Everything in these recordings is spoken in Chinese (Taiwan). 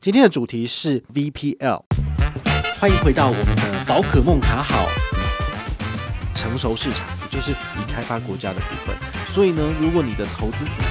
今天的主題是 VPL，歡迎回到我們的寶可夢卡好成熟市場，也就是已開發國家的部分。所以呢，如果你的投資組，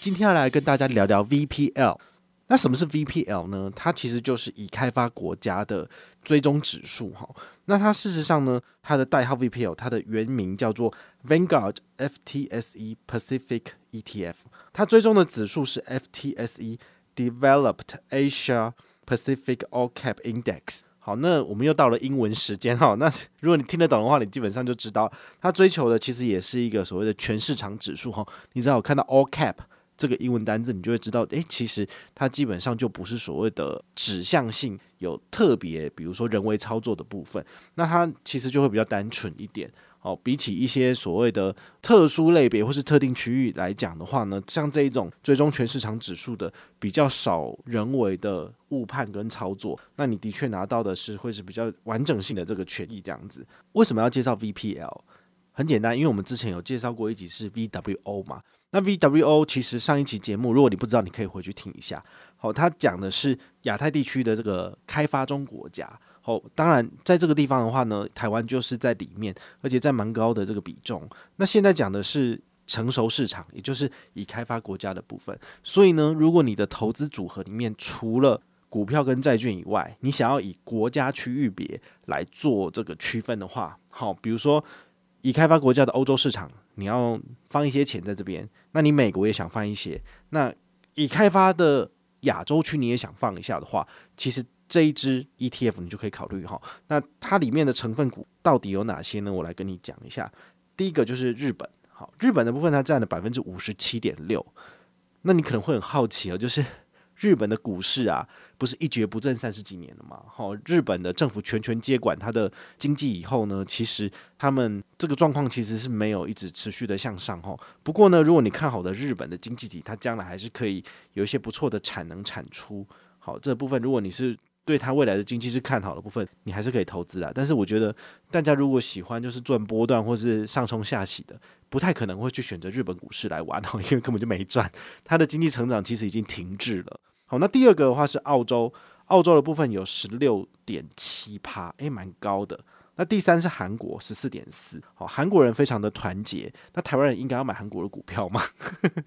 今天要來跟大家聊聊 VPL，那什麼是 VPL 呢？它其實就是已開發國家的。追蹤指數哈，那它事實上呢，它的代號 VPL，它的原名叫做 Vanguard FTSE Pacific ETF，它追蹤的指數是 FTSE Developed Asia Pacific All Cap Index。好，那我們又到了英文時間哈，那如果你聽得懂的話，你基本上就知道它追求的其實也是一個所謂的全市場指數哈。你只要看到 All Cap 這個英文單字，你就會知道，誒、欸，其實它基本上就不是所謂的指向性。有特別，比如說人為操作的部分，那它其實就會比較單純一點哦。比起一些所謂的特殊類別或是特定區域來講的話呢，像這一種追蹤全市場指數的比較少人為的誤判跟操作，那你的確拿到的是會是比較完整性的這個權益這樣子。為什麼要介紹 VPL？很簡單，因為我們之前有介紹過一集是 VWO 嘛。那 VWO 其實上一期節目，如果你不知道，你可以回去聽一下。好、哦，他講的是亞太地區的這個開發中國家。好、哦，當然在這個地方的話呢，台灣就是在裡面，而且在蠻高的這個比重。那現在講的是成熟市場，也就是已開發國家的部分。所以呢，如果你的投資組合裡面除了股票跟債券以外，你想要以國家區域別來做這個區分的話，好、哦，比如說已開發國家的歐洲市場，你要放一些錢在這邊，那你美國也想放一些，那已開發的。亞洲區你也想放一下的話，其實這一支 ETF 你就可以考慮哈。那它裡面的成分股到底有哪些呢？我來跟你講一下。第一個就是日本，好，日本的部分它佔了百分之五十七點六。那你可能會很好奇哦，就是。日本的股市啊，不是一蹶不振三十幾年了嘛？好，日本的政府全權接管它的經濟以後呢，其實他們這個狀況其實是沒有一直持續的向上。哈，不過呢，如果你看好的日本的經濟體，它將來還是可以有一些不錯的產能產出。好，這個部分如果你是對它未來的經濟是看好的部分，你還是可以投資的。但是我覺得，大家如果喜歡就是賺波段或是上沖下洗的，不太可能會去選擇日本股市來玩，哈，因為根本就沒賺。它的經濟成長其實已經停滯了。好、哦，那第二個的話是澳洲，澳洲的部分有十六點七趴，誒，蠻高的。那第三是韓國，十四點四。好，韓國人非常的團結。那台灣人應該要買韓國的股票嗎？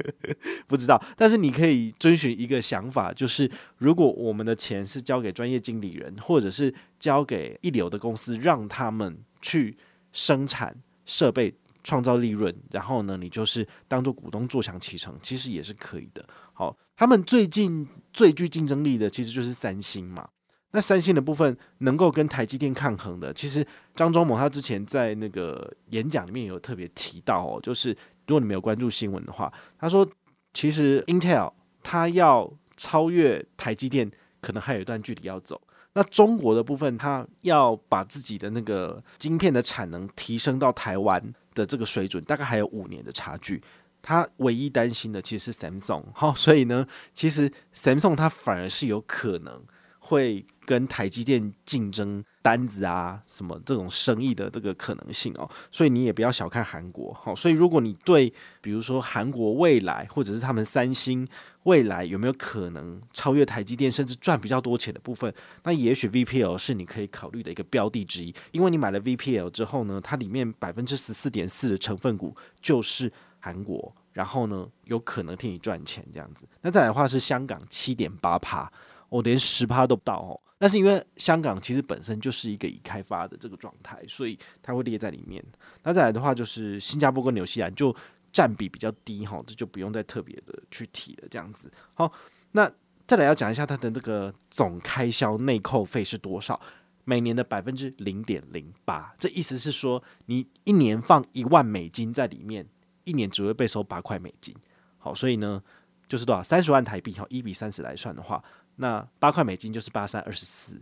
不知道。但是你可以遵循一個想法，就是如果我們的錢是交給專業經理人，或者是交給一流的公司，讓他們去生產設備。創造利潤，然後呢，你就是當做股東坐享其成，其實也是可以的。好，他們最近最具競爭力的其實就是三星嘛。那三星的部分能夠跟台積電抗衡的，其實張忠謀他之前在那個演講裡面有特別提到哦，就是如果你沒有關注新聞的話，他說其實 Intel 他要超越台積電，可能還有一段距離要走。那中國的部分，他要把自己的那個晶片的產能提升到台灣。的這個水準大概還有五年的差距，他唯一擔心的其實是 Samsung 好，哦，所以呢，其實 Samsung 他反而是有可能會跟台積電競爭。單子啊，什麼這種生意的這個可能性哦，所以你也不要小看韓國。好，哦，所以如果你對，比如說韓國未來，或者是他們三星未來有沒有可能超越台積電，甚至賺比較多錢的部分，那也許 VPL 是你可以考慮的一個標的之一。因為你買了 VPL 之後呢，它裡面百分之十四點四的成分股就是韓國，然後呢，有可能替你賺錢這樣子。那再來的話是香港七點八趴。我、哦、連十趴都不到哦，但是因為香港其實本身就是一個已開發的這個狀態，所以它會列在裡面。那再來的話就是新加坡跟紐西蘭就佔比比較低哈，這就不用再特別的去提了。這樣子好，那再來要講一下它的那個總開銷內扣費是多少，每年的百分之零點零八。這意思是說，你一年放一萬美金在裡面，一年只會被收八塊美金。好，所以呢就是多少三十萬台幣哈，一比三十來算的話。那八塊美金就是八三二十四，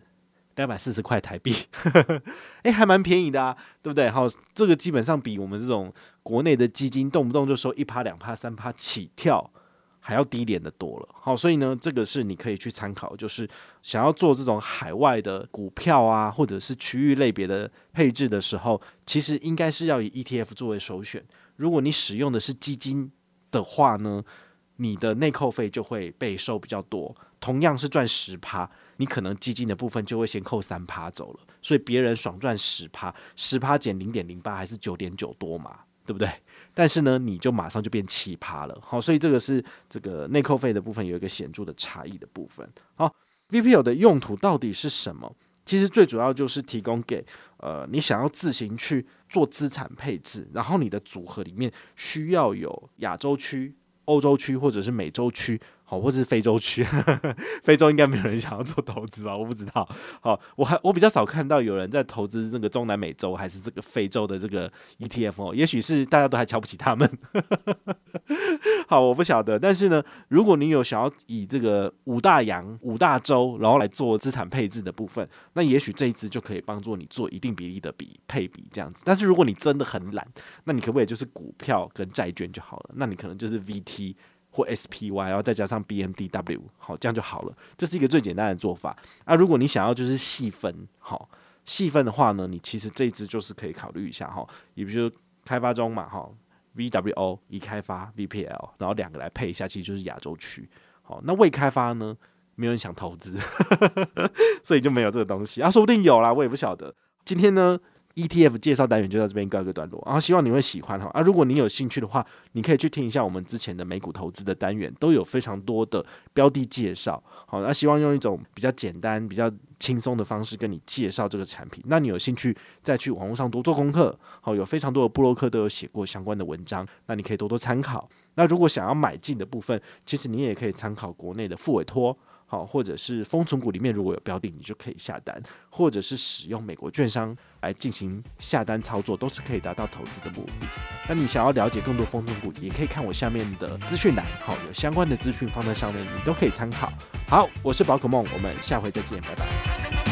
兩百四十塊台幣，哎，還蠻便宜的啊，對不對？好，這個基本上比我們這種國內的基金，動不動就收一趴、兩趴、三趴起跳，還要低廉的多了。好，所以呢，這個是你可以去參考，就是想要做這種海外的股票啊，或者是區域類別的配置的時候，其實應該是要以 ETF 作為首選。如果你使用的是基金的話呢，你的內扣費就會被收比較多，同樣是賺十趴，你可能基金的部分就會先扣三趴走了，所以別人爽賺十趴，十趴減零點零八還是九點九多嘛，對不對？但是呢，你就馬上就變七趴了，好，所以這個是這個內扣費的部分有一個顯著的差異的部分。好，VPL 的用途到底是什麼？其實最主要就是提供給呃你想要自行去做資產配置，然後你的組合裡面需要有亞洲區。歐洲區或者是美洲區。或者是非洲區，非洲應該沒有人想要做投資啊，我不知道。好，我還我比較少看到有人在投資這個中南美洲還是這個非洲的這個 ETF 哦，也許是大家都還瞧不起他們。好，我不曉得，但是呢，如果你有想要以這個五大洋五大洲然後來做資產配置的部分，那也許這一支就可以幫助你做一定比例的比配比這樣子。但是如果你真的很懶，那你可不可以就是股票跟債券就好了？那你可能就是 VT。或 SPY，然後再加上 BNDW，好，這樣就好了。這是一個最簡單的做法。那、啊、如果你想要就是細分，好細分的話呢，你其實這一支就是可以考慮一下哈。也比如說開發中嘛，哈 VWO 已開發 VPL，然後兩個來配一下，其實就是亞洲區。好，那未開發呢，沒有人想投資， 所以就沒有這個東西啊。說不定有啦，我也不曉得。今天呢，ETF 介紹單元就到這邊告一個段落，然後希望你會喜歡哈。啊，如果你有興趣的話，你可以去聽一下我們之前的美股投資的單元，都有非常多的標的介紹。好、啊，那希望用一種比較簡單、比較輕鬆的方式跟你介紹這個產品。那你有興趣再去網絡上多做功課，好、啊，有非常多的部落客都有寫過相關的文章，那你可以多多參考。那如果想要買進的部分，其實你也可以參考國內的複委託。好，或者是豐存股裡面如果有標的，你就可以下單，或者是使用美國券商來進行下單操作，都是可以達到投資的目的。那你想要了解更多豐存股，你也可以看我下面的資訊欄，好，有相關的資訊放在上面，你都可以參考。好，我是寶可夢，我們下回再見，拜拜。